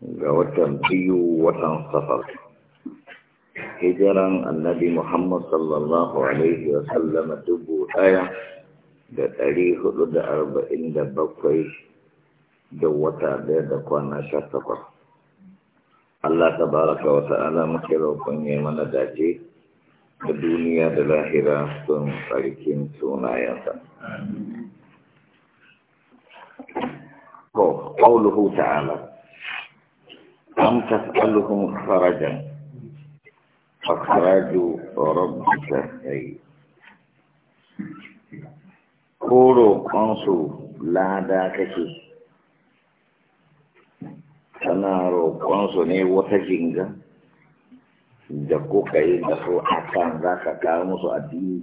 ga watan biyu watan safar hijiran annabi muhammad sallallahu alaihi wa sallama dubu daya da ɗari hudu da arba'in da bakwai da wata daya da kwana sha takwas Allah ta baraka wa ta'ala muke roƙon ya mana dace da duniya da lahira sun tsarkin sunayensa. Ko, ƙauluhu ta'ala. أم تسألهم خرجا فخرج ربك خير koro kansu lada kake tana roƙonsu ne wata jinga da kuka yi da su a kan za ka kawo musu addini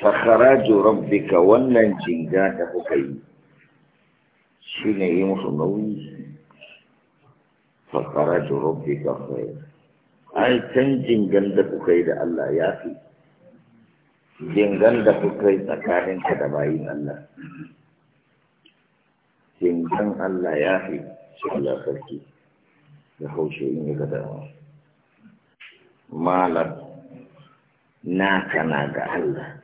fakharaju rabbika wannan jinga da kuka yi shi ne yi musu nauyi فخرج ka خير ai can jingan da kuka da Allah ya fi jingan da kuka yi tsakaninka da bayin Allah jingan Allah ya fi shi Allah sarki da haushe in yi gada malar naka na ga Allah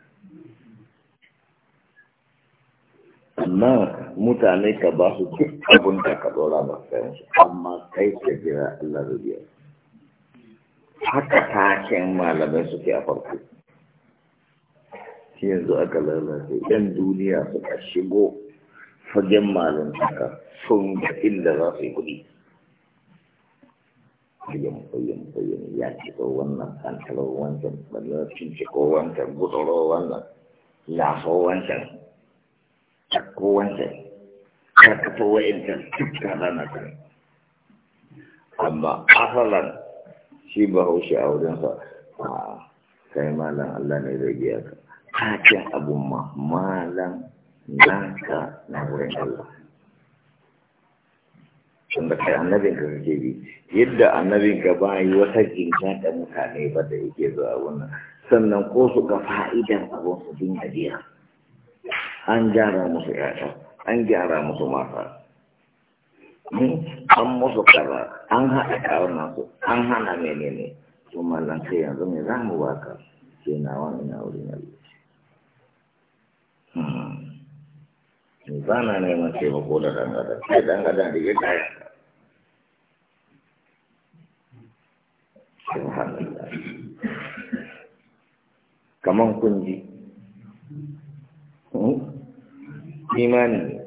amma mutane ka ba su duk abin da ka dora ba sayan su amma kai ka jira Allah rubiya haka takin malamai suke a farko shi yanzu aka lalace yan duniya suka shigo fagen malin haka sun ga inda za su yi kuɗi fagen fagen fagen ya ciko wannan kantarowar wancan ɓallar cin ciko wancan gudurowar wannan lafowar wancan ko wancan ka kafa wa'incan dukkan rana kan amma asalan shi ba haushi a wajensa a ah, kai malan Allah ne zai biya ka hakin abun ma malam nanka na wurin Allah da kai annabin ka kake bi yadda annabin ka ba yi wata jinka da mutane ba da yake zuwa wannan sannan ko su ga fa'idan abun su dinga biya an gyara musu yaya an gyara musu mata hmm? an musu kaza an haɗa kawunan su an hana menene su mallan sai yanzu mai za mu baka ke na wani na wurin yalda hmm. ba na neman taimako da dangadan sai dangadan da ya kaya subhanallah kaman kunji hmm? imani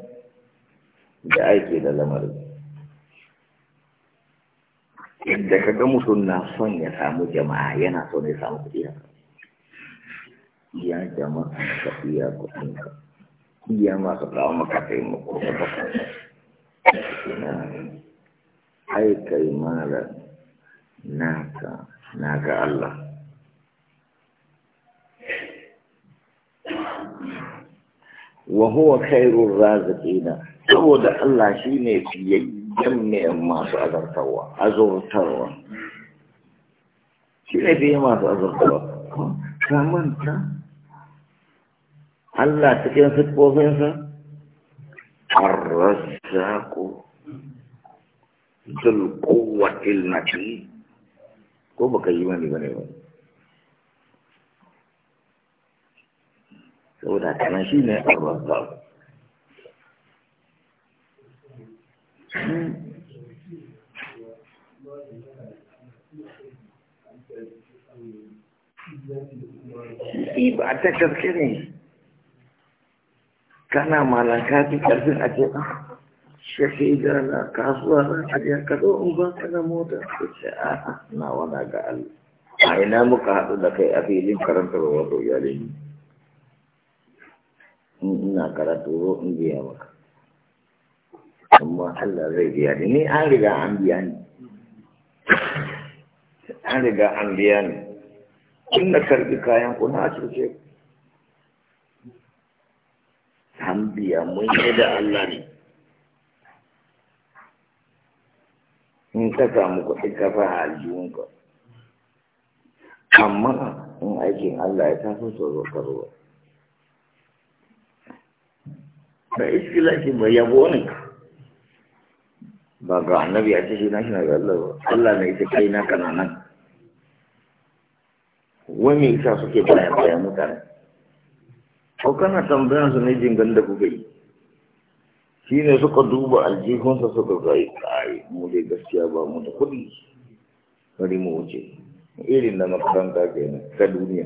da aiki da lamarin yadda ka ga mutum na son ya samu jama'a yana son ya samu kuɗi iya jama'a ka iya kuɗin ka iya masu kawo maka taimako da baka ai kai mara naka naga Allah wa huwa khairur raziqina saboda Allah shine fiyayyen ne masu azartarwa azurtarwa shine fiyayyen masu azurtarwa ta Allah cikin siffofinsa الرزاق ذو القوة المتين ko baka yi mani bane ba? saboda kanan shi ne arrazak shi ba ta gaske ne kana malaka fi karfin a ba. ah shafi gana kasuwa na a ce ah, ka zo in ba ka na mota ko ce a ah, na wana ga Allah a ina muka haɗu da kai a filin karanta ba wato iyalin in ina karatu zo in biya maka amma Allah zai biya ni ni an riga an biya ni an riga an biya ni in na karbi kayan ku na cuce an biya mun yi da Allah ne in ka samu kuɗi ka fa ka amma in aikin Allah ya taso so zo ka ruwa da iskilanci mai yabo ne ba ga annabi a cikin nashi na Allah ba Allah ne ita kai na kananan wani isa suke bayan bayan mutane ko kana tambayan su ne jingan da kuka yi shi ne suka duba aljihunsa suka gai kai mu dai gaskiya ba mu da kuɗi bari mu wuce irin na makaranta kenan ta duniya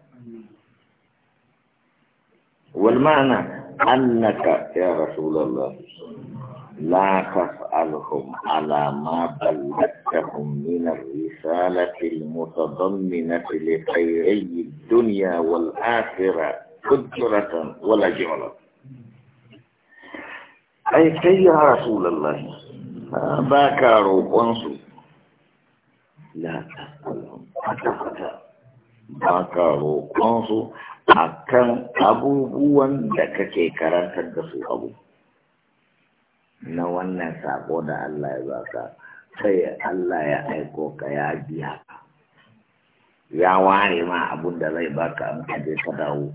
والمعنى أنك يا رسول الله لا تسألهم على ما بلغتهم من الرسالة المتضمنة لخيري الدنيا والآخرة قدرة ولا جعلة أي كي يا رسول الله باك روحانسو لا تسألهم أتفتا باك akan abubuwan da kake karantar da su abu na wannan sako da Allah ya baka sai Allah ya aiko ka ya biya ya ware ma abun da zai baka an kaje ka dawo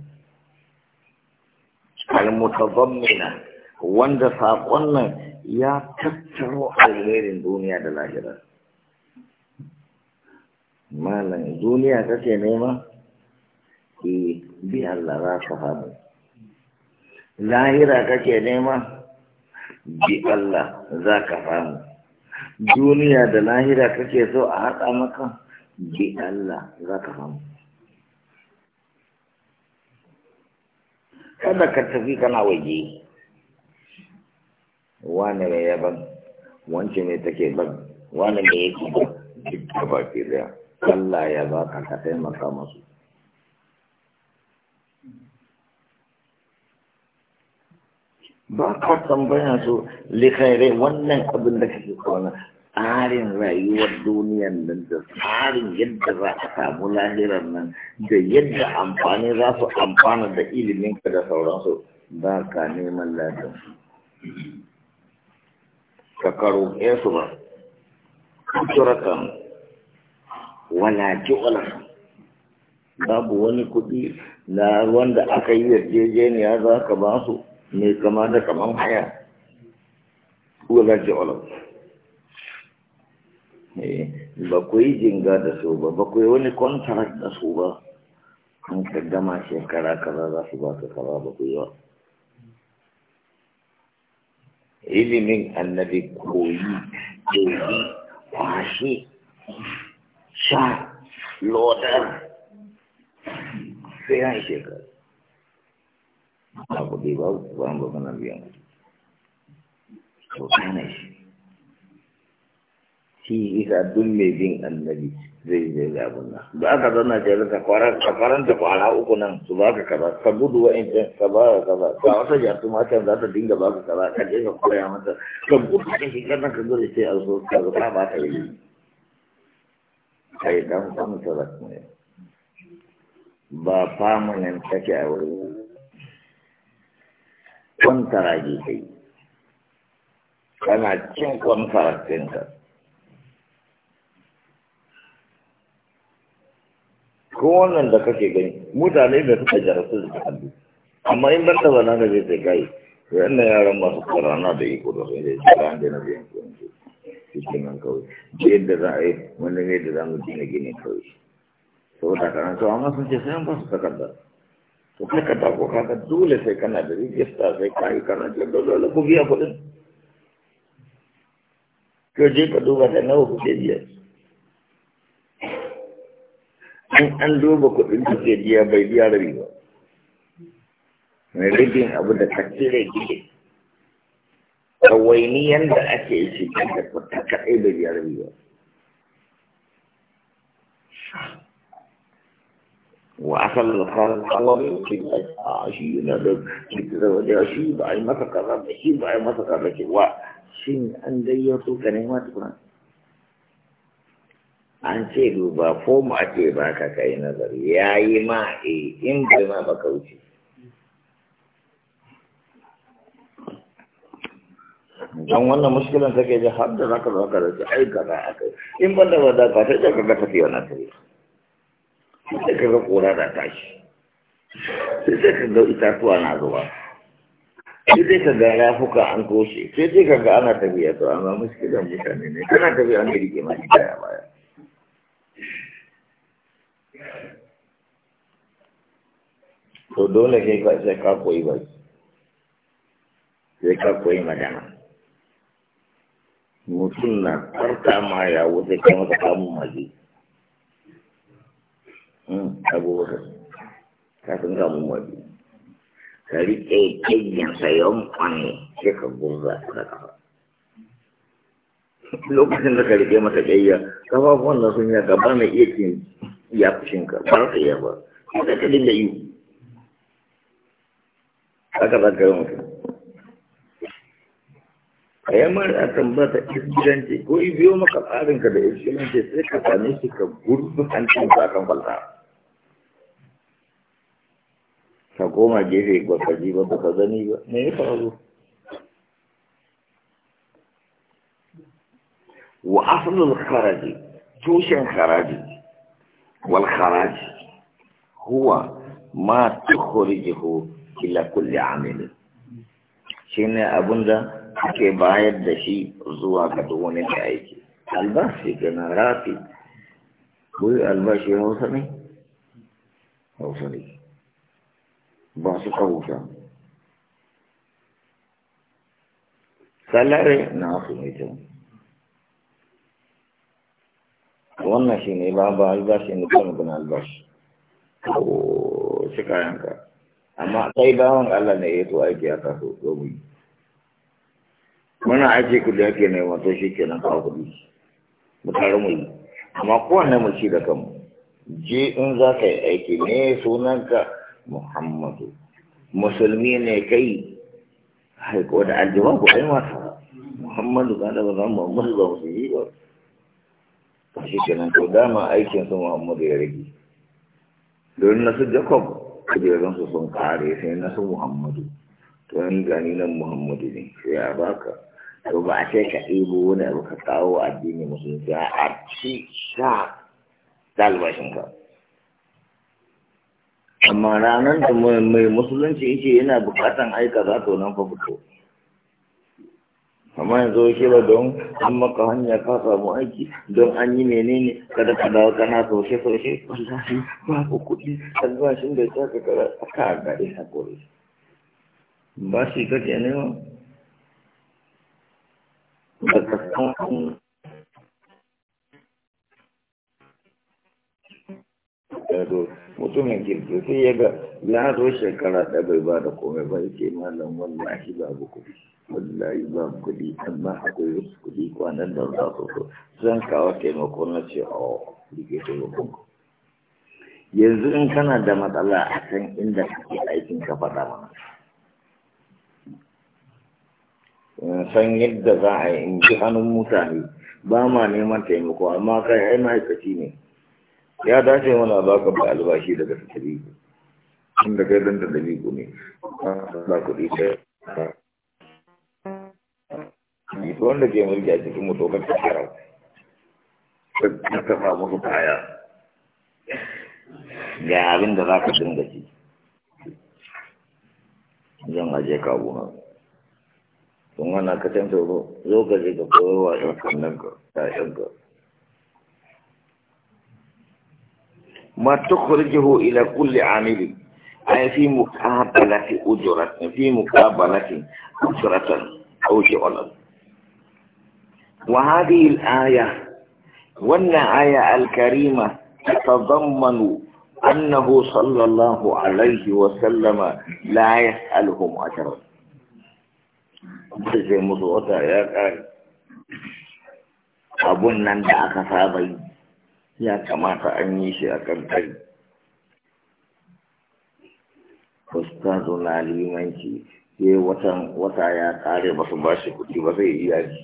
al mutazammina wanda sakon nan ya tattaro alherin duniya da lahira malam duniya kake nema eh bi Allah za ka samu lahira kake nema bi Allah za ka samu duniya da lahira kake so a haɗa maka bi Allah za ka samu kada ka tafi kana waje wane mai yaban wance mai take ban wane mai yake ba duk da ke daya Allah ya baka ka taimaka masu ba ka tambaya su likhairai wannan abin da kake kwana tsarin rayuwar duniyar nan da tsarin yadda za ka samu lahirar nan da yadda amfani za su amfana da iliminka da sauransu ba ka neman lafiya. ka karo su ba turakan wala ji'ulan babu wani kuɗi na wanda aka yi yarjejeniya za ka ba su mai kama da kaman haya ko larji olam ba ku yi jinga da su ba ba ku yi wani contract da su ba an ka shekara kaza za su ba ka kaza ba ku yi ba ilimin annabi koyi koyi kwashi sha lodar sai an shekara babu dai babu ba mu ba nan biyan to kana shi shi isa duk mai bin annabi zai zai da abun nan Ba aka zanna ce ka kwara ka faranta kwara uku nan su baka kaza ka gudu wa in ka ba ka ba ka wata jatu matan za ta dinga ba baka kaza ka je ka koya mata ka gudu ka shi kana ka gudu sai a zo ka zo ba ta yi kai dan kan ta ba ba famunan take a wurin kwantara ke kai kana cin kwantara ɗinka ko wannan da kake gani mutane da suka jarasu da hannu amma in ban taba nan da zai sai kai wannan yaran masu karana da iko da sun zai tsara an na biyan kuɗin su cikin nan kawai da yadda za a yi wani ne da za mu gina gini kawai saboda karanta amma sun ce sai an ba su takardar to haka da ko haka dole sai kana da rijista sai ka yi kana da ku biya kuɗin ko je ka duba da nawa kuke biya in an duba kuɗin da ke biya bai biya rabi ba mai rigin abu da ka cire gidi ɗawainiyan da ake yi cikin da kuɗa kaɗai bai biya rabi ba وعسل الخال الحلال يقيم عشي نبب يتزوج عشي بعد ما تقرب عشي بعد ما تقرب عشي وعشين أن ديرتو كلمات قرآن عن شيء يبا فوم أتي باكا كي نظر يا إيماء إيم بما بكوشي dan wannan muskilan take ji har da zaka zo ka rage aikata akai in banda wada ka sai ka ga ta fiye na tare sai ka ga kura da tashi sai sai ka itatuwa na zuwa sai sai ka ga rafuka an toshe sai sai ka ana tafiya to amma muskilan mutane ne kana tafiya an girke ma shi baya baya to dole sai ka sai ka koyi ba sai ka koyi magana mutum na karta ma ya wuce kuma ka samu maji Mm, abubakar kafin gamun wabi ka riƙe kayyan sayon kwanne sai ka gurza da kafa lokacin da ka riƙe mata kayya kafafuwan na sun yi gaba na iya cin ya fushinka ba ka iya ba kuma ka dinga yi haka za ka yi mutum a yamar a tambata iskilanci ko ibiyo maka tsarinka da iskilanci sai ka same shi ka gurbi hancin sa kan falsafa sakoma goma gefe ba ka ji ba ba ka gani ba me ya faru wa asalin kharaji tushen kharaji wal kharaji huwa ma tukhrijuhu ila kulli amil shine abunda ake bayar da shi zuwa ga duk wani aiki albashi gana rafi ko albashi hausa ne hausa ne ba su kawuta Salari na su mai wannan shi ne ba ba albashi ne kan guna albashi oh, ko shi kayanka amma sai bawan Allah ne ya to aiki a kaso domin muna aiki kudi ake ne wato shi kenan nan kawo kudi mu mu yi amma kowanne mu ci da kanmu je in za ka yi aiki ne sunanka muhammadu musulmi ne kai haiko da aljiwa ku ai masa muhammadu ka da ba za mu ba su yi ba shi kenan to dama aikin su muhammadu ya rage don na jacob kujerun sun kare sai na su muhammadu to ni gani nan muhammadu ne sai ya baka to a ce ka ɗebo wani abu ka addini musulunci a ci sha dalbashin ka amma ranar da mai musulunci yake yana bukatan aika za to nan fa fito amma yanzu ba don an maka hanya ka samu aiki don an yi menene kada ka dawo kana soshe soshe wallahi babu kuɗi shi da ya ka kara aka ga ina ba shi kake nema da san gado mutumin kirki sai ya ga lado shekara ta bai ba da komai ba yake malam wallahi babu kuɗi wallahi babu kuɗi amma akwai wasu kuɗi kwanan da za su so zan kawo taimako na ce o oh, rike taimakon yanzu in kana da matsala a kan inda kake aikin ka faɗa mana san yadda za a yi in ji hannun mutane ba ma neman taimako amma kai ai ma'aikaci ne ya dace mana ba ka ba albashi daga Tun inda kai dan da tabibu ne ba kuɗi ɗaya ita wanda ke mulki a cikin mutokan tattara ta kafa musu kaya ga abin da za ka dinga ci zan aje ka gona tun wana ka canza zo ka je ka koyarwa ɗan kannan ka ta yanka ما تخرجه إلى كل عامل أي في مقابلة أجرة في مقابلة أجرة أو شغلة وهذه الآية وأن آية الكريمة تتضمن أنه صلى الله عليه وسلم لا يسألهم أجرا zai musu wata ya أبونا abun nan ya kamata an yi shi a kankari ustazu na limanci ke watan wata ya kare ba su ba shi kuɗi ba zai iya ji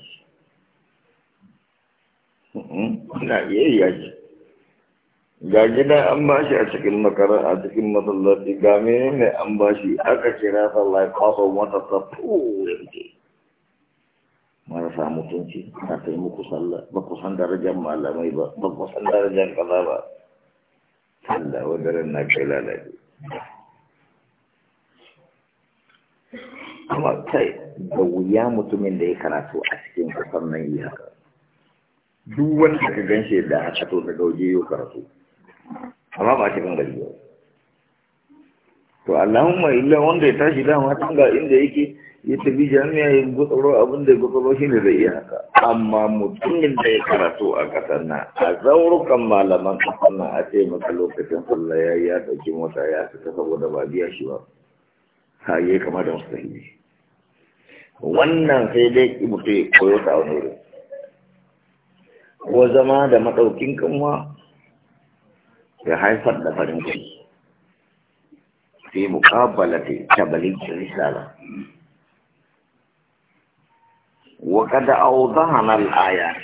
na iya iya ji ga gida an ba shi a cikin makara a cikin masallaci ga mene ne an ba shi aka kira sallai kwasan wata ta tuwa yake marasa mutunci ta yi muku sallah ba ku san darajar malamai ba ba ku san darajar kaza ba sallah wa daren na kai lalace amma kai da wuya mutumin da ya karatu a cikin kasar nan yi haka duk wanda ka gan shi da haka to daga waje yau karatu amma ba cikin gari ba to allahumma illa wanda ya tashi dama tun ga inda yake ya tafi jami'a ya gutsuro abin ya gutsuro shi ne zai iya haka amma mutumin da ya karatu a ƙasar na a zaurukan malaman ƙasar na a ce maka lokacin sallah ya yi ya ɗauki mota ya fita saboda ba biya shi ba ha ya kama da wasu mustahili wannan sai dai ki mutu ya koyo ta wani wuri ko zama da maɗaukin kanwa ya haifar da farin ciki fi muƙabalata tabalin risala وقد أوضحنا الآيات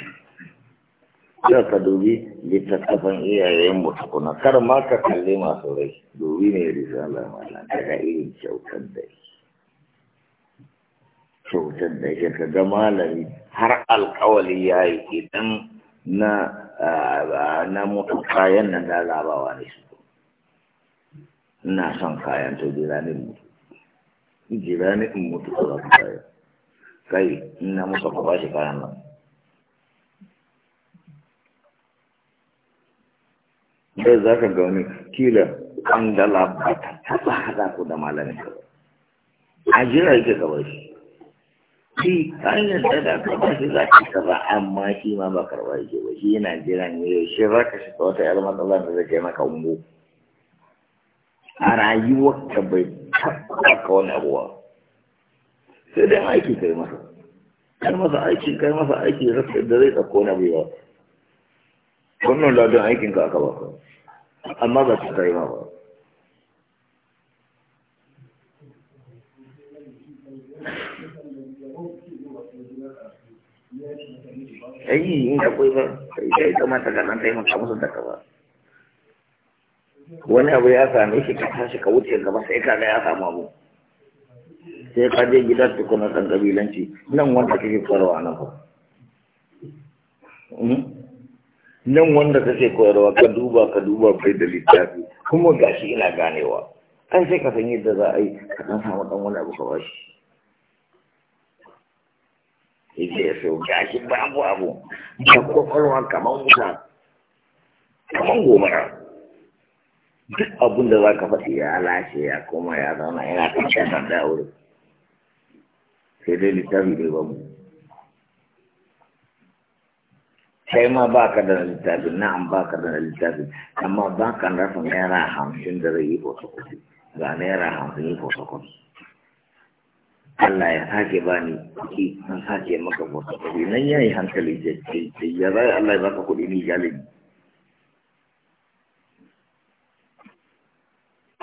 sai ka dubi littattafan iyayen mu tukuna kar ma ka kalli masu rai dubi ne risala ta daga irin kyautar da kyautar da shi ka ga malami har alkawali ya yi idan na na mutu kayan nan da labawa ne su ina son kayan to jira ne mutu jira ne in mutu kayan kai ina musa ku bashi kayan nan sai za ka ga wani kila an dala ba ta taba hada ku da malamin ka a jira yake gaba shi shi an yadda da ka ba shi za ka karba, amma shi ma ba karba yake ba shi yana jiran ne shi za ka shiga wata yar matsala da zai kai maka ungo a rayuwar ka bai taba ka wani abuwa sai dai aiki kai masa kai masa aiki kai masa aiki rasa da zai tsakko na wannan aikin ka aka baka amma ba ta kai ba Ayi, in akwai ba, sai sai kamata ka ɗan taimaka musu da ka ba. Wani abu ya same shi ka tashi ka wuce gaba sai ka ga ya samu abu. sai ka je gida su kuna ɗan kabilanci nan wanda kake koyarwa nan ba hmm? nan wanda kake koyarwa ka duba ka duba bai da littafi kuma gashi ina ganewa ai sai ka san yadda za a yi ka ɗan samu ɗan wani abu ka shi yake ya so gashi babu abu da kwakwalwa kamar wuta kamar gomara duk abin da za ka faɗi ya lashe ya koma ya zauna yana kan da wurin sai dai littafi bai ba mu sai ma ba ka da littafi na na'am ba ka da littafi amma ba ka rasa naira hamsin da zai yi fotokofi ga naira hamsin yi fotokofi Allah ya sake ba ni kuɗi an sake maka fotokofi nan ya yi hankali ya zai Allah ya baka kuɗi ni galibi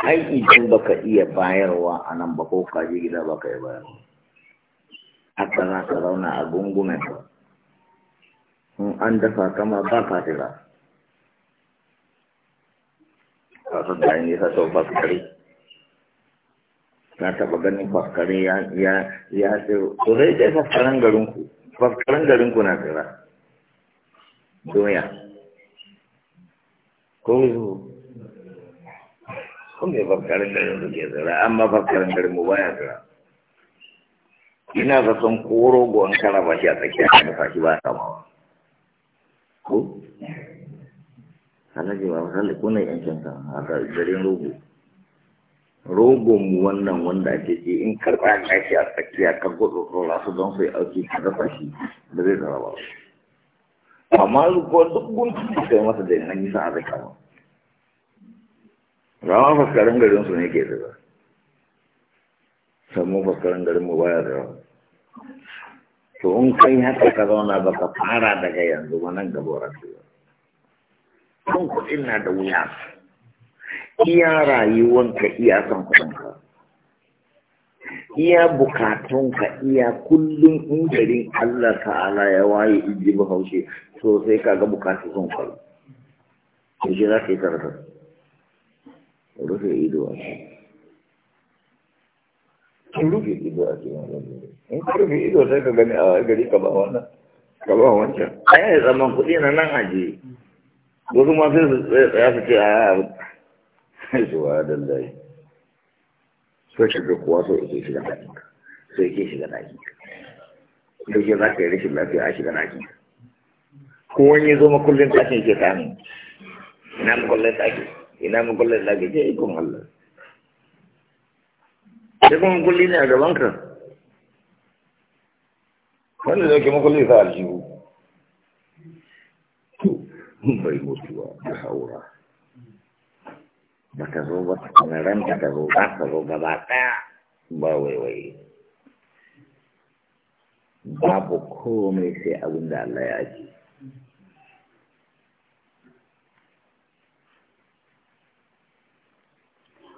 ai idan baka iya bayarwa a nan ba ko kaje gida baka iya bayarwa haka za ka zauna a gungumen in an dafa kama ba ka jira kasar da yin yasa sau na taɓa ganin faskare ya tsiro to zai dai faskaren garinku faskaren garinku na tsira doya ko yiwu ko faskaren garin da ke tsira amma faskaren garin mu baya tsira ina zaton koro gowon karaba shi a tsakiya a nufa shi ba a kamawa ko halaje ba misali ko na yankin kan haka garin rogo rogon mu wannan wanda ake ce in karɓa gashi a tsakiya ka gudu rola su don su yi auki ka rasa shi da zai zara ba amma ko duk gunki da kai masa da nan yasa a zai kama rawa fuskarin garin su ne ke zira sannan fuskarin garin mu baya zira to in kai haka ka zauna ba ka fara daga yanzu ba nan gaba rasu kan kuɗin na da wuya iya rayuwanka iya son kuɗinka iya bukatunka iya kullum in garin Allah ta'ala ya waye iji bahaushe to sai ka ga bukatu sun faru. Yaushe za ka yi tarkar? Rufe ido a shi. rufe ido a cikin wani in ka rufe ido sai ka gani a ah, gari ka ba wannan ka ba wancan a yaya zaman kuɗi na nan aje wasu ma sai su tsaya a yaya su ah, wa da lai so ka ga kuwa so ke shiga ɗakin so ke shiga ɗakin ka da za ka yi rashin lafiya a shiga ko wani makullin ke ina ina eh, Allah sai kuma kulli ne a gaban ka wanda zai kuma kulli sa aljihu bai mutuwa da haura ba ta zo ba ta kuma ranta ta zo ta zo gaba ɗaya ba waiwaye babu komai sai abin da Allah ya ajiye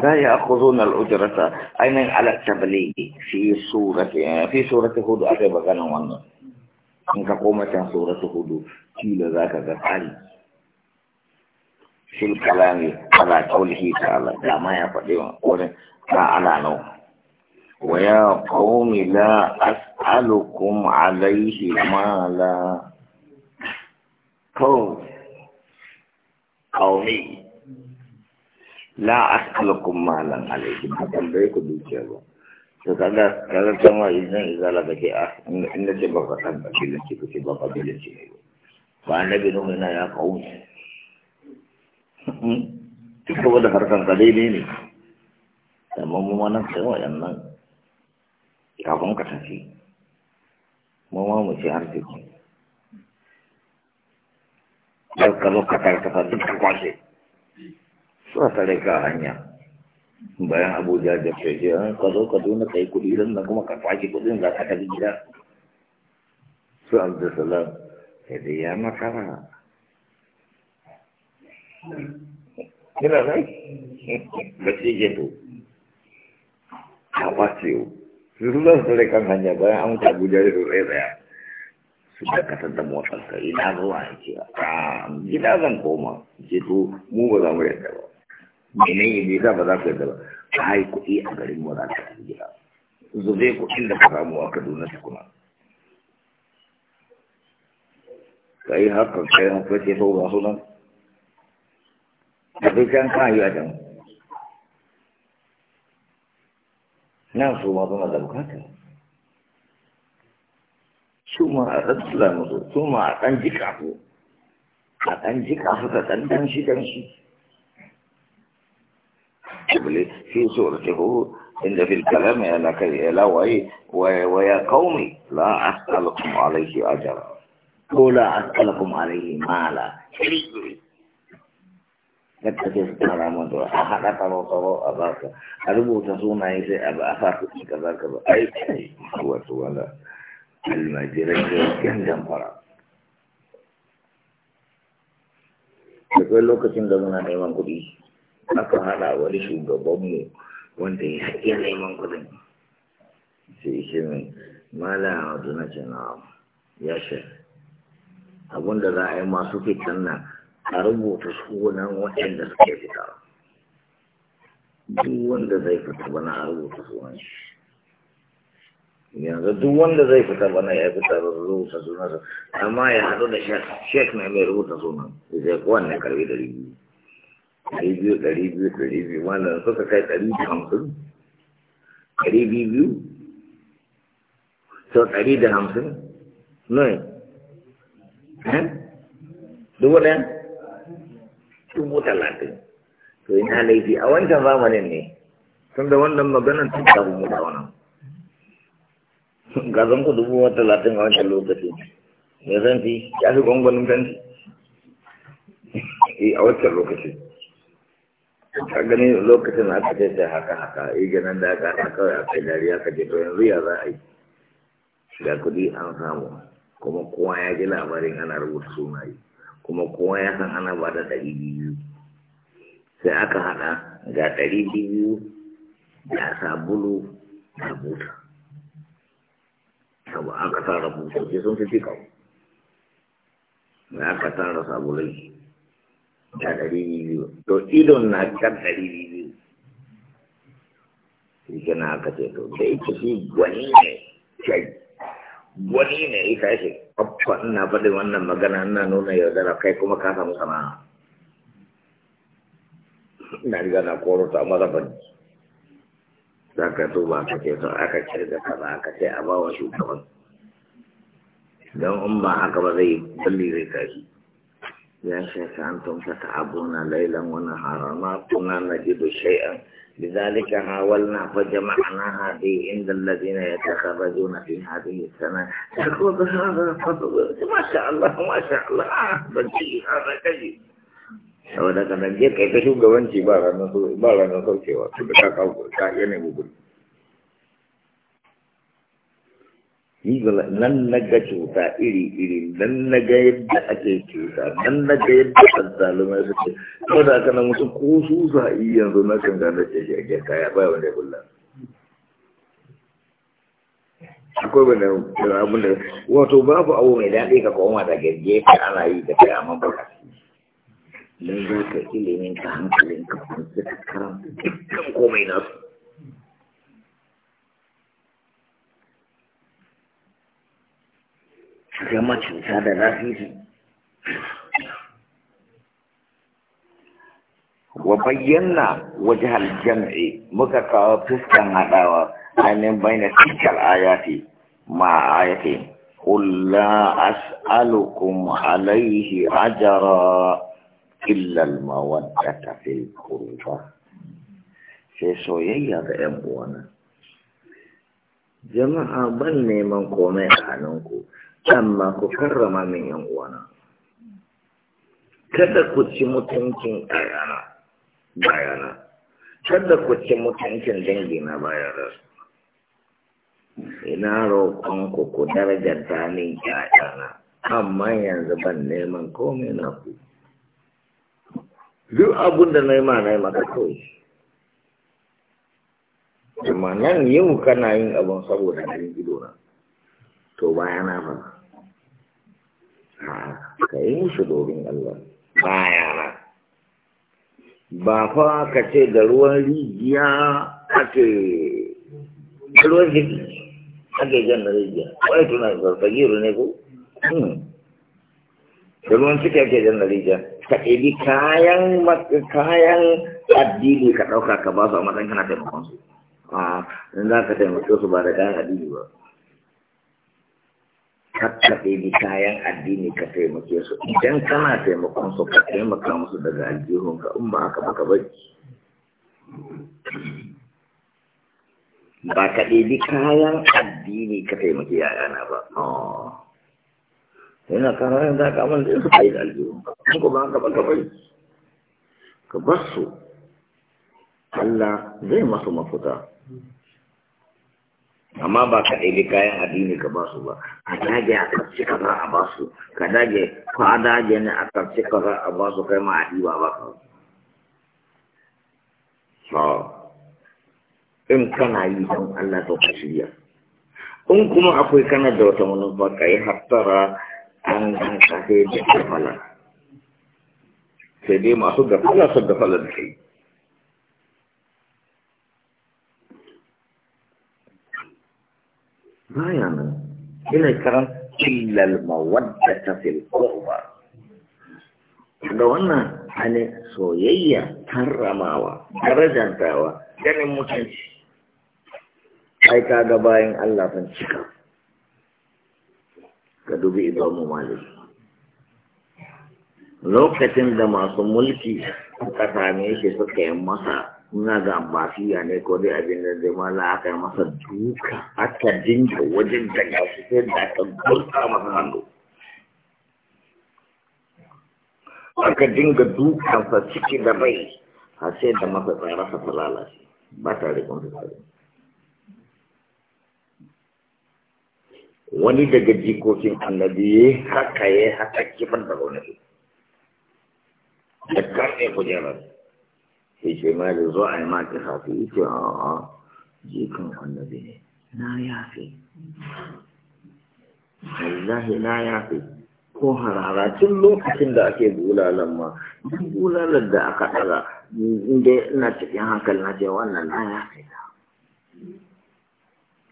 لا يأخذون الأجرة أين على التبليغ في سورة في سورة هود أخي بغانا وانا إن قومة سورة هود كيل ذاك ذكاري في الكلام على قوله تعالى لا ما يفعله لا على نوم ويا قوم لا أسألكم عليه ما لا قوم قومي la as'alukum malan alayhi ba tambaye ku dukiya ba to kaga kaga can wa idan izala da ke ah inda ce ba ka san kabilan ce ba ce ba kabilan ce ne ba annabi nuhu yana ya kawo duk da hmm? wanda harkan ka dai ne amma mu ma nan sai wayannan kafin ka tafi mu ma mu ci arziki Yau ka zo ka karkata duk ka kwashe. suka tare ka hanya bayan abuja da fege ka zo ka dona kai kuɗi ran nan kuma ka kwace kuɗin za ka tafi gida su abdulsalam sai dai ya makara kira rai ba ce geto a kwace yau su zuwa su tare kan hanya bayan an wuce abuja da tsotsai tsaya su dakatar da motsarka ina zuwa ya ce a ah, gida zan koma ce to mu ba za mu yadda ba mene ne ne ba za ka yadda ba ka hai kuɗi a garin mu za ka yi gida zube kuɗin da ka samu a kaduna tukuna ka yi haka kai an kwace sau ba su nan a duk yan kan yi a can nan su ma suna da bukata su ma a ɗan tsula musu su ma a ɗan jika su a ɗan jika su ta ɗan ɗan shi ɗan shi قبل في سورة هود إن في الكلام أنا كلا وأي ويا قومي لا أسألكم عليه أجرا ولا أسألكم عليه مالا kata dia sekarang itu ahad atau rotor apa ke aduh tasuna isi apa apa kata kata ai buat wala al majirin yang jampara Jadi lokasi dengan memang kudi aka haɗa wani shugabanmu wanda ya iya neman kudin sai shi min mala wato na ce na ya shi abinda za a yi masu fitan nan a rubuta sunan waɗanda suke fita duk wanda zai fita bana a rubuta sunan shi yanzu duk wanda zai fita bana ya fita ba rubuta sunansa amma ya haɗu da shek mai mai rubuta sunan zai kowanne karbi da biyu ɗari biyu ɗari biyu ɗari biyu wanda suka kai ɗari da hamsin ɗari biyu biyu sau ɗari da hamsin nai eh? dubu ɗaya dubu talatin to ina laifi a wancan zamanin ne tun da wannan maganar tun kafin mu da wannan gazan ku dubu talatin a wancan lokaci ya zanti ya fi gwangwanin kanti eh, a wancan lokaci ka gani lokacin aka ce ta haka haka iya iganan da aka haka kawai aka dariya ka je to yanzu ya za a yi shiga kudi an samu kuma kowa ya ji labarin ana rubuta sunaye kuma kowa ya san ana ba da ɗari biyu sai aka haɗa ga ɗari biyu da sabulu da buta saboda aka tara butoci sun fi fi kawo da aka tara sabulai da ɗari biyu to idon na kan ɗari biyu shi na aka ce to da ita shi gwani ne shai gwani ne ita shi kwakwa ina faɗin wannan magana ina nuna yaudara kai kuma ka samu sana'a ina riga na koro ta amma zaban za ka so ba ka ce to aka da ka ba aka ce a bawa shugaban don in ba haka ba zai bulli zai tashi ya shaka an tumsa ta abuna lailan wani haram ma kuna na jidu shai'an lidalika hawal na fa jama'a na haɗe inda lalazina ya ta kaba zuna fi haɗe ya sana ta kuma ta sana ta ba? wuri masha Allah masha Allah ban ci yi har da kaji ka nan je ba ta shugabanci ba ranar saukewa ta ka kawo ka ni nan na ga cuta iri-iri nan na ga yadda ake cuta nan na ga yadda a azzalumai suke ko da nan wasu ko su za iya yanzu na kan gane ce shi a ake kaya ba wanda ya kullum akwai wanda abin da wato babu abu mai daɗi ka koma da gajiye ka ana yi da kai amma ba ka don zo ka ilimin ka hankalin ka kuma ka karanta dukkan komai na su zama cuta da lafiya wa bayyana wajhal jam'i muka kawo fuskan haɗawa, ainihin bayyana tilkal ayati ma ayati qul la as'alukum alayhi ajra illa al mawaddata fil qurba sai soyayya ga yan uwana jama'a ban neman komai a hannunku amma ku karrama min yan uwana kada ku ci mutuncin ɗayana bayana kada ku ci mutuncin dangina bayana ina roƙon ku ku darajanta min ƴaƴana amma yanzu ban neman komai na ku duk abun da na yi ma na yi maka kawai amma nan yau kana yin abun saboda garin gidona to ba na ka yi musu domin Allah ba yara ba fa ka ce da ruwan rijiya ake ruwan jiki ake jan da rijiya wai tuna zarfagiru ne ko hmm. da ruwan ciki ake jan da rijiya ka ɗabi kayan kayan addini ka ɗauka ka ba su a matsayin kana taimakon su a in za ka taimake su ba da kayan addini ba kakkaɓe ni kayan addini ka taimake su idan kana taimakon su ka taimaka musu daga aljihun ka umma aka baka bai. ba ka ɗebi kayan addini ka taimake yayana ba yana ah. kayan za ka man zai su kai da aljihun ka in ba haka ba ka bari ka bar su Allah zai masu mafuta amma ba ka ɗaiɗi kayan addini ka basu ba a daji a ka za a basu ka ko a daji ne a ka za a basu kai ma a ɗiba ba ka so in kana yi don Allah to ka shirya in kuma akwai kana da wata manufa ka yi hattara an an kafe da kafala sai dai masu gafala su gafala da kai Bayanan, ah, nan ina karan illal mawaddata fil qurba da wannan ane soyayya karramawa darajantawa ganin mutunci ai ka ga bayan Allah ban cika ka dubi malik lokacin da masu mulki suka same shi suka yi masa Muna ga mafiya ne ko dai abin da zai mala aka yi masa duka aka dinga wajen da ga su sai da aka gurta masa hannu aka dinga dukansa ciki da rai har sai da masa tsarasa ta lalace ba tare kun tsari wani daga jikokin annabi ya haka ya haka kifar da gwamnati da karfe kujerar ya ce ma da zo a yi ma kisafi ya ce a a jikan annabi ne na yafe wallahi na yafe ko harara tun lokacin da ake bulalan ma duk bulalan da aka ɗaga inda ina cikin hankali na ce wannan na yafe ta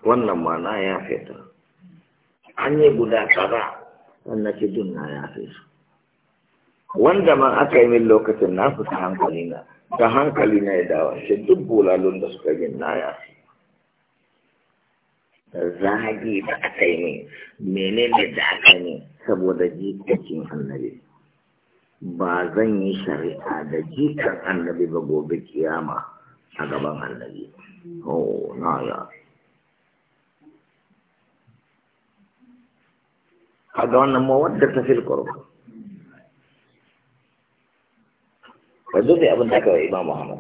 wannan ma na yafe ta an yi guda kaza wannan ce dun na yafe su wanda ma aka yi min lokacin na fita hankali na da hankali na ya dawa shi duk bulalun da suka yi na ya zagi da aka yi menene da aka ne saboda jikakin annabi ba zan yi shari'a da jikan annabi ba gobe kiyama a gaban annabi oh na ya a ga wannan ma wadda ta filkar ka dutse abin da aka wa imam muhammad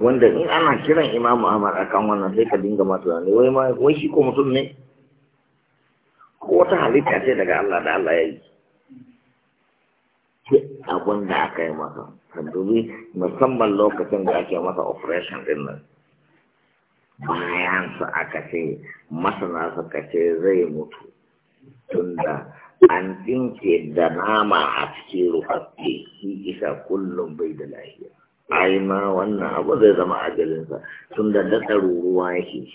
wanda in ana kiran imam muhammad kan wannan sai ka dinga ma wani wai ma wai shi ko mutum ne ko wata halitta ce daga Allah da Allah ya yi abin da aka yi masa ka dubi musamman lokacin da ake masa operation din nan bayan su aka ce masana suka ce zai mutu tunda an dinke da nama a cikin rufaffe shi isa kullum bai da lahiya. ai ma wannan abu zai zama ajalinsa tun da daɗa ruruwa yake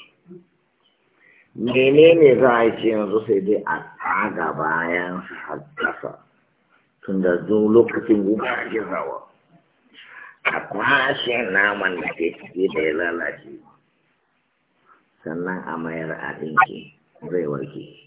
menene za a yi ce yanzu sai dai a tsaga bayan haddasa tun da zuwa lokacin guga a zawa a kwashe naman da ke cike da ya lalace sannan a mayar a zai warke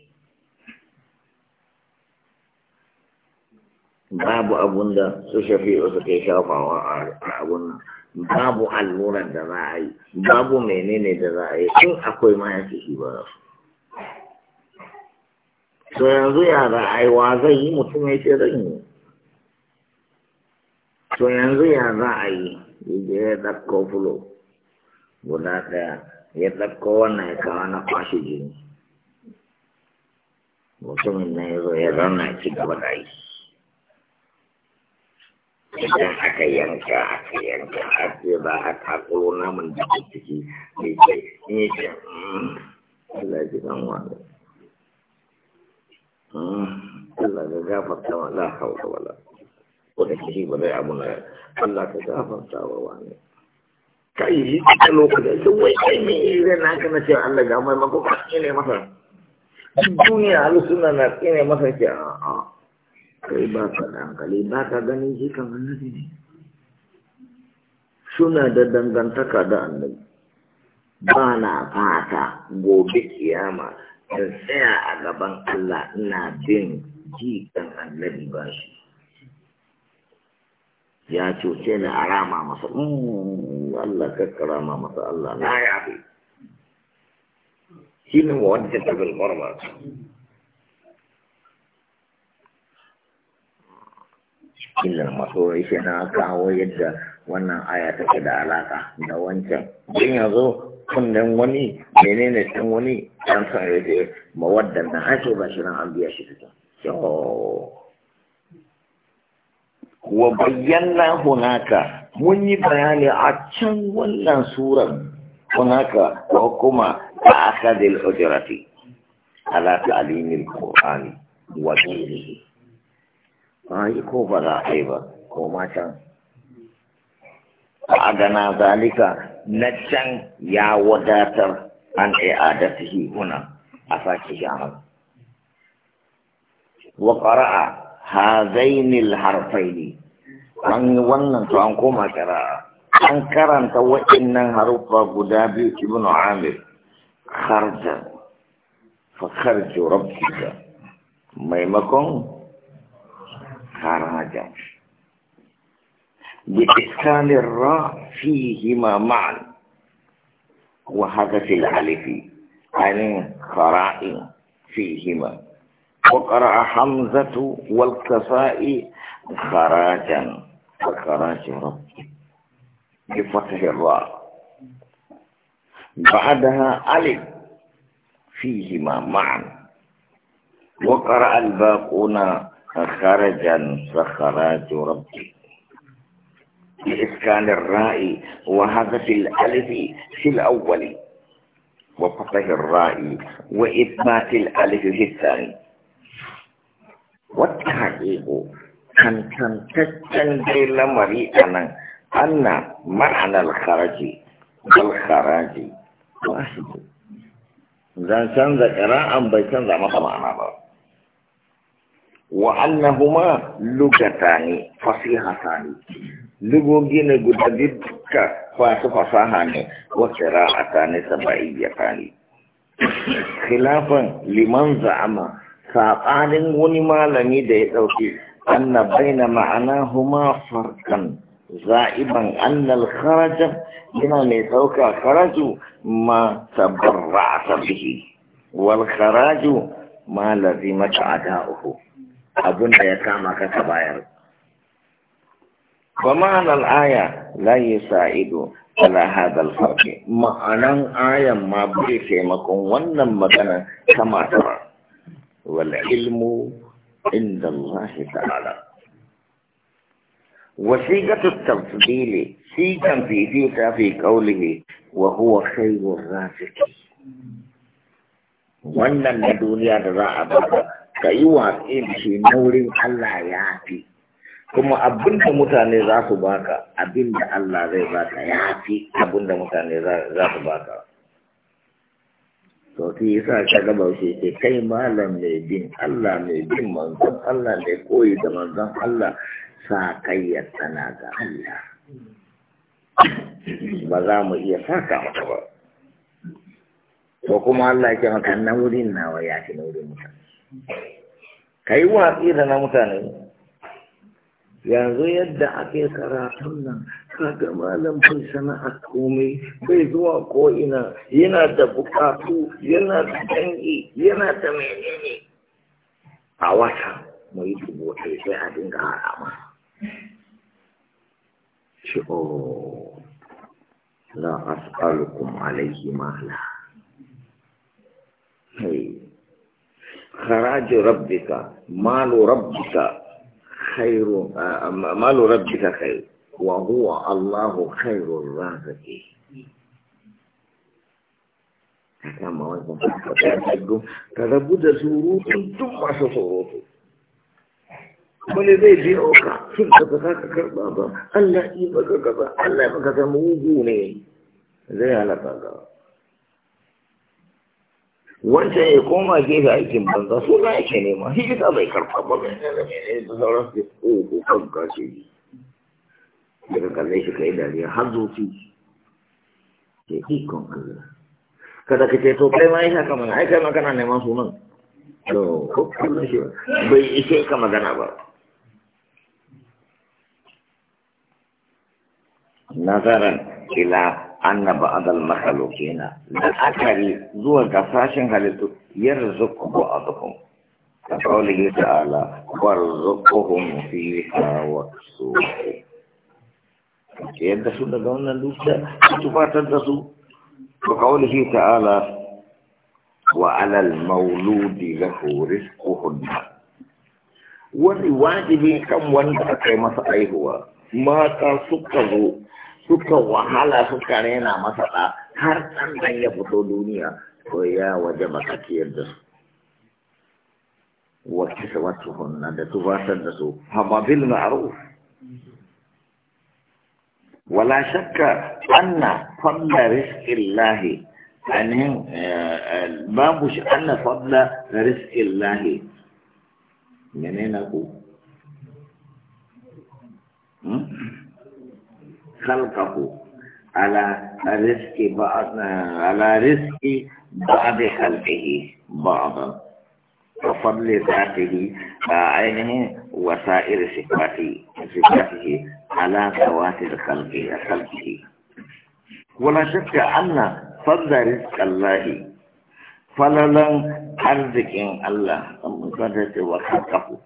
babu abun da su shafi'u suke shafawa a abun nan babu allurar da za a yi babu menene da za a yi in akwai ma ya shi ba to yanzu yara aiwa zai yi mutum ya ce zan yi to yanzu ya za a yi ya ɗauko fulo guda ɗaya ya ɗauko wannan ya kawo na kwashe jini mutumin na ya zo ya zauna ci gaba da aiki idan aka yanka aka yanka har ba a takuro naman da ke ciki mai ce in yi hmm, Allah ji kan wani hmm, Allah ga gafarta wa la hawla wala ko da kishi ba zai abu na Allah ka gafarta wa wani kai yi ta lokacin sun wai kai mai irin naka na cewa Allah ga mai mako ka ne masa duniya halu suna na tsine masa ke a'a kai ba ka da hankali ba ka ganin shi kan annabi ne suna da dangantaka da annabi ba na fata gobe kiyama in tsaya a gaban Allah ina bin ji kan annabi ba shi ya cuce ni a rama masa mm, Allah ka karama masa Allah na yafe shi ne wa wadda ta bil illar masoyi shi na kawo yadda wannan aya take da alaka da wancan din yanzu kunnen wani menene din wani dan san da mawaddan na ake ba shi nan an biya shi fita wa bayyana hunaka mun yi bayani a can wannan suran hunaka ko kuma ta akadil ujrati ala ta'limil qur'ani wa ghairihi a yi ko ba za a yi ba ko ma can a zalika na can ya wadatar an yi kuna a sake shi a wa qara'a hazainil ne. an yi wannan to an koma qira'a an karanta waɗannan harufa guda biyu ibn amir kharja fa kharju rabbika maimakon خراجا بإسكان الراء فيهما معا في الألف يعني خراء فيهما وقرأ حمزة والكفاء خراجا وخراج ربك بفتح الراء بعدها ألف فيهما معا وقرأ الباقون خرج سخرات ربي بإسكان الراء وهذا في الألف في الأول وفتح الراء وإثبات الألف في الثاني والتحقيق كان كان تتن ديلا مريئنا أن معنى الخرج والخراج واحد إذا كان أم بيتن ذا معنى الله وأنهما لغتان فصيحتان لغوين قددك فصاحان وقراءتان سبعيتان خلافا لمن زعم ساقان ونما لم يدعوكي أن بين معناهما فرقا زائبا أن الخرج هنا لسوك خرج ما تبرعت به والخراج ما لزمت عداؤه abun da ya kama ka ka bayar wa ma'anar aya la yusa'idu ala hadal farqi ma'anan ayan ma bai taimakon wannan magana ta matar wal ilmu inda Allah ta'ala وصيغة التفضيل صيغة ta fi في wa وهو خير الرازق wannan na duniya da za a baka ka yi watsi da shi naurin Allah ya fi kuma abin da mutane za su baka abin da Allah zai baka ya fi abin da mutane za su baka to yi sa ka gaba shi ke kai malam mai bin Allah mai bin manzon Allah mai koyi da manzon Allah sa kayyar tana ga Allah ba za mu iya ka maka ba Ko kuma Allah ya ce maka na wurin nawa ya fi na wurin mutane Kai watsi da na mutane yanzu yadda ake karatun nan kaga malam bai sana'a komai bai zuwa ko'ina yana da bukatu yana da dangi yana da menene a wata mai dubotai sai a dinga harama shi o oh, la as'alukum alaihi mala hey خراج ربك مال ربك خير مال ربك خير وهو الله خير الرازقين كما وزن تلبد شروط ثم شروط ولذي بيوكا ثم تتخاك كربابا ألا إيبا كربابا ألا إيبا كربابا ألا إيبا كربابا ألا إيبا كربابا wancan ya koma gefe aikin banza su na yake nema shi bai karfa ba mai da sauran su ko oh, ko kan kashe shi daga kalle shi kai dariya har zoci ke ikon Allah kada ka ce to kai ma yi kama mana ai kai ma kana neman sunan to ko kallon shi bai ishe ka magana ba nazaran ila anna ba'dal makhluqina la akari zuwa ga sashin halittu yarzuqu ba'dhum ka qawlihi ta'ala warzuqhum fiha wa suqu yadda su daga wannan dukiya su fatar da su ka qawlihi ta'ala wa 'alal mawludi lahu rizquhunna wani wajibi kan wanda aka yi masa aihuwa mata suka zo suka wahala suka rena masa ɗa har ɗan ya fito duniya ko ya waje maka kiyar da su wacce sabatu hunna da su tubatar da su hama bil ma'ruf wala shakka anna fadla an anhin eh, eh, babu shi anna fadla rizqillahi menene ku hmm? خلقه على رزق بعض على رزق بعض خلقه بعضا وفضل ذاته عينه وسائر صفاته صفاته على ذوات خلقه خلقه ولا شك أن فضل رزق الله فللا أرزق الله وخلقه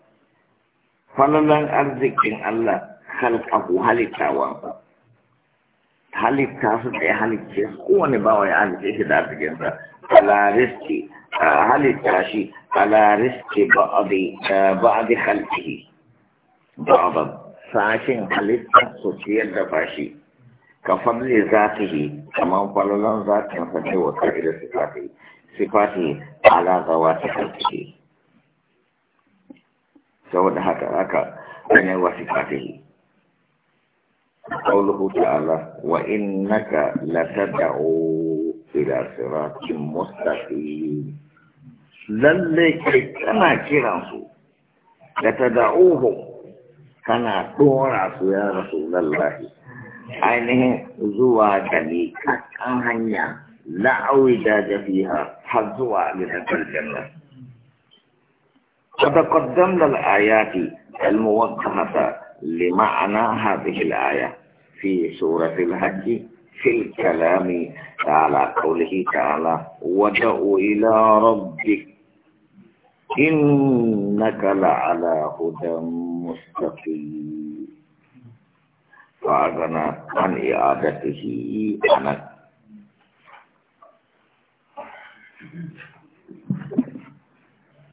فللا أرزق الله خلقه هل تاوانه halitta su da ya halicce su kowane bawa ya halitta shi da sa alariski a halitta shi bi riski ba a ba sashin halitta su ciyar da fashi ka fadli zatihi kamar falalan ta yi ne wa ka'ida sifati sifati ala ta halki saboda haka haka ne wa sifatihi qawluhu ta'ala wa innaka latad'u ila siratin mustaqim lalle kai kana kiran su latad'uhu kana dora su ya rasulullah ainihin zuwa ga ni kakkan hanya la'awi da ga fiha har zuwa lisafin janna wata kwadon da al'ayati al-muwakkamata لمعنى هذه الآية في سورة الحج في الكلام على قوله تعالى ودعوا إلى ربك إنك لعلى هدى مستقيم فأغنى عن إعادته أنا